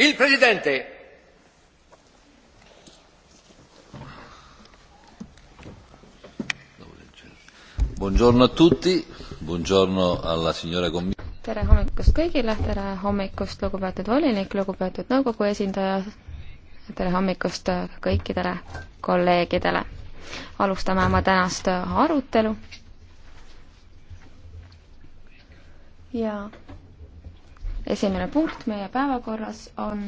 Il Presidente. Buongiorno a tutti, buongiorno alla signora commissaria. tere hommikust kõigile, tere hommikust, lugupeetud volinik, lugupeetud nõukogu esindaja, tere hommikust kõikidele kolleegidele. alustame oma tänast arutelu. ja esimene punkt meie päevakorras on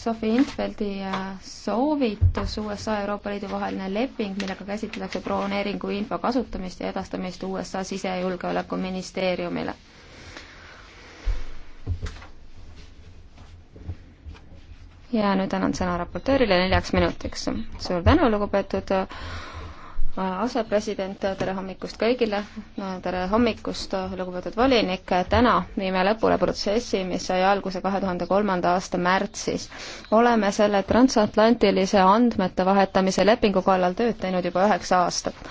Sophie Intveldi äh, soovitus USA ja Euroopa Liidu vaheline leping, millega käsitletakse broneeringu info kasutamist ja edastamist USA sisejulgeolekuministeeriumile. ja nüüd annan sõna raportöörile neljaks minutiks. suur tänu, lugupeetud äh, asepresident, tere hommikust kõigile, tere hommikust, lugupeetud volinik, täna viime lõpule protsessi, mis sai alguse kahe tuhande kolmanda aasta märtsis. oleme selle transatlantilise andmete vahetamise lepingu kallal tööd teinud juba üheksa aastat